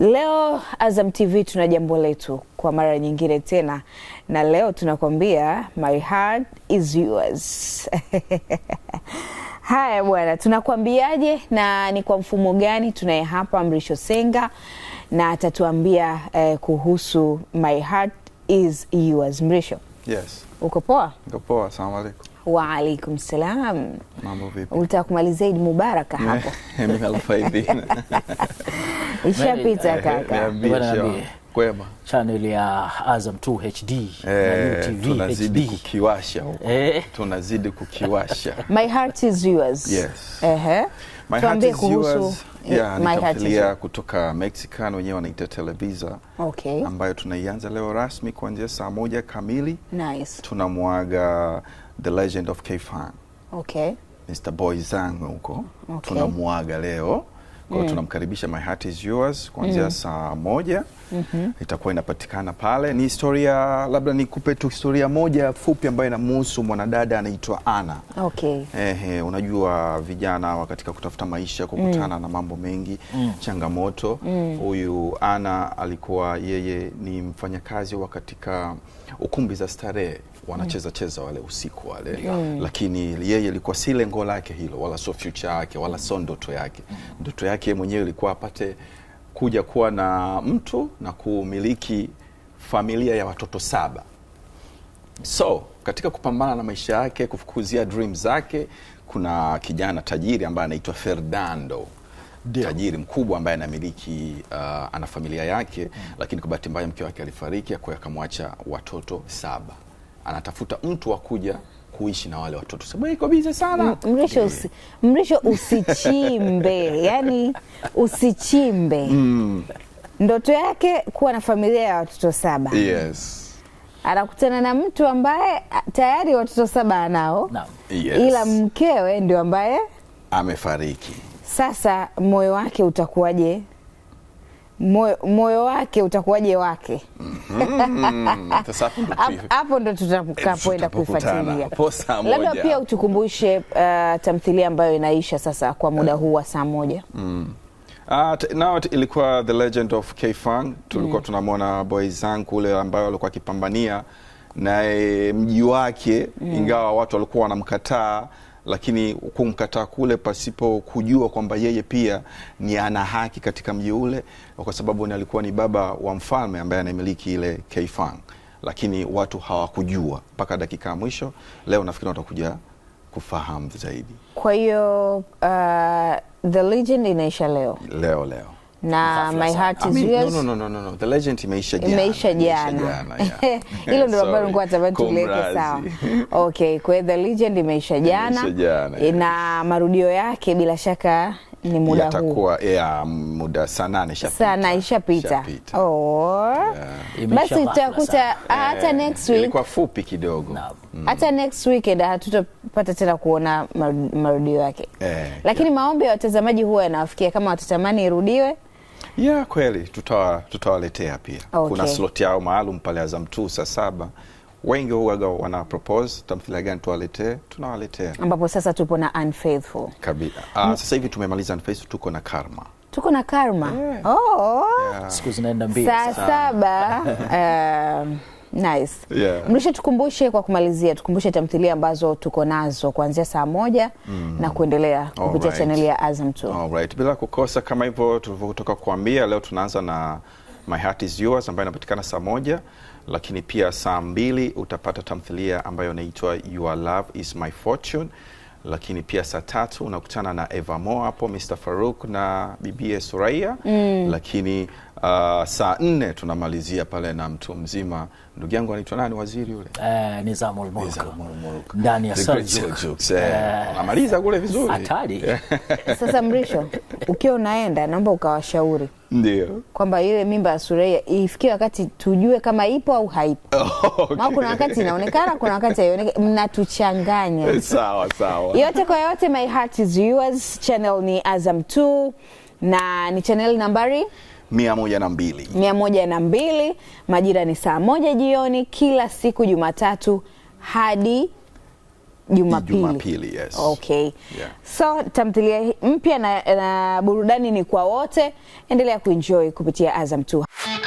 Leo Azam TV tuna jambo letu kwa mara nyingine tena, na leo tunakwambia my heart is yours. Haya bwana, tunakwambiaje na ni kwa mfumo gani? Tunaye hapa Mrisho Senga na atatuambia eh, kuhusu my heart is yours. Mrisho, yes. Uko poa? Uko poa, asalamu alaykum. Wa alaikum salam. Mambo vipi? Ulitaka kumalizia hapo. Mimi hapo. Ishapita kaka. Kwema. Channel ya Azam 2 HD na UTV eh, eh? tunazidi Kukiwasha huko. Tunazidi kukiwasha. My heart is yours. Yes. Ehe. My heart is yours. Eh, yeah, kutoka Mexican wenyewe wanaita Televisa. Okay. Ambayo tunaianza leo rasmi kuanzia saa moja kamili. Nice. Tunamwaga The Legend of k Okay. Mr. Boy Zang huko. Okay. Tunamwaga leo kwao mm. tunamkaribisha My Heart is Yours kuanzia mm. saa moja mm -hmm. itakuwa inapatikana pale. Ni historia, labda nikupe tu historia moja fupi ambayo inamhusu mwanadada anaitwa Ana. Okay. Ehe, unajua vijana katika kutafuta maisha mm. kukutana mm. na mambo mengi mm. changamoto. Mm. Huyu mm. Ana alikuwa yeye ni mfanyakazi wa katika ukumbi za starehe wanacheza mm. cheza wale usiku wale mm. Lakini yeye ilikuwa si lengo lake hilo, wala sio future yake, wala sio ndoto yake. Ndoto yake yake mwenyewe ilikuwa apate kuja kuwa na mtu na kumiliki familia ya watoto saba. So katika kupambana na maisha yake, kufukuzia dream zake, kuna kijana tajiri ambaye anaitwa Ferdando Deo. tajiri mkubwa ambaye anamiliki uh, ana familia yake mm. Lakini kwa bahati mbaya mke wake alifariki, kwa akamwacha watoto saba. Anatafuta mtu wa kuja kuishi na wale watoto, sababu iko bize sana. Mrisho, usi, mrisho usichimbe yani usichimbe mm. Ndoto yake kuwa na familia ya watoto saba. Yes anakutana na mtu ambaye tayari watoto saba anao no. Yes. Ila mkewe ndio ambaye amefariki. Sasa moyo wake utakuwaje? moyo, moyo wake utakuwaje wake mhm. hapo ndo tutakapoenda eh, kuifuatilia labda pia utukumbushe uh, tamthilia ambayo inaisha sasa kwa muda eh. huu wa saa moja mm. Uh, ah, nao ilikuwa The Legend of kfan tulikuwa mm. tunamwona boy zangu ule ambayo alikuwa akipambania naye mji wake mm. ingawa watu walikuwa wanamkataa lakini kumkataa kule pasipo kujua kwamba yeye pia ni ana haki katika mji ule, kwa sababu ni alikuwa ni baba wa mfalme ambaye anamiliki ile Kaifang, lakini watu hawakujua mpaka dakika ya mwisho. Leo nafikiri watakuja kufahamu zaidi. Kwa hiyo uh, the legend inaisha leo leo leo na my heart is yours. No, no, no, no, no. The legend imeisha jana. Imeisha jana. Hilo ndio ambalo nilikuwa natamani tuliweke sawa. Okay, kwa the legend imeisha jana. Imeisha jana. Na marudio yake bila shaka ni muda huu. Yatakuwa ya muda saa nane ishapita. Sana ishapita. Oh. Yeah. Basi tutakuta hata eh, next week. Ilikuwa fupi kidogo. Mm. Hata mm. next weekend hatutapata ah, tena kuona marudio yake. Eh, Lakini maombi ya watazamaji huwa yanawafikia kama watatamani irudiwe. Yeah, kweli tutawaletea pia. Okay. Kuna slot yao maalum pale Azam 2 saa saba wengi huaga wana propose tamthilia gani tuwaletee, tunawaletea, ambapo sasa tupo na Unfaithful kabisa. Ah, mm. sasa hivi tumemaliza Unfaithful, tuko na Karma tuko na Karma. Yeah. Oh, yeah. siku zinaenda mbio saa saba um, Nice. Yeah. Mlisho, tukumbushe kwa kumalizia, tukumbushe tamthilia ambazo tuko nazo kuanzia saa moja mm. na kuendelea kupitia chaneli ya Azam 2. Alright. Bila kukosa kama hivyo tulivyotoka kuambia, leo tunaanza na My Heart is Yours ambayo inapatikana saa moja, lakini pia saa mbili utapata tamthilia ambayo inaitwa Your Love is My Fortune lakini pia saa tatu unakutana na Eva Mo hapo Mr. Faruk na bibie Suraia mm. Lakini uh, saa nne tunamalizia pale na mtu mzima ndugu yangu anaitwa nani waziri yule eh, Nizamul Mulk ndani ya Seljuk eh. kule vizuri hatari. Sasa Mrisho, ukiwa unaenda naomba ukawashauri ndio kwamba ile mimba ya Sureya ifikie wakati tujue kama ipo au haipo. okay. Maana kuna wakati inaonekana, kuna wakati haionekani, mnatuchanganya. Sawa sawa. Yote kwa yote, my heart is yours. Channel ni Azam 2 na ni channel nambari mia moja na mbili mia moja na mbili. Majira ni saa moja jioni kila siku Jumatatu hadi Jumapili. Jumapili, yes. Okay. Yeah. So tamthilia mpya na, na burudani ni kwa wote. Endelea kuenjoy kupitia Azam 2.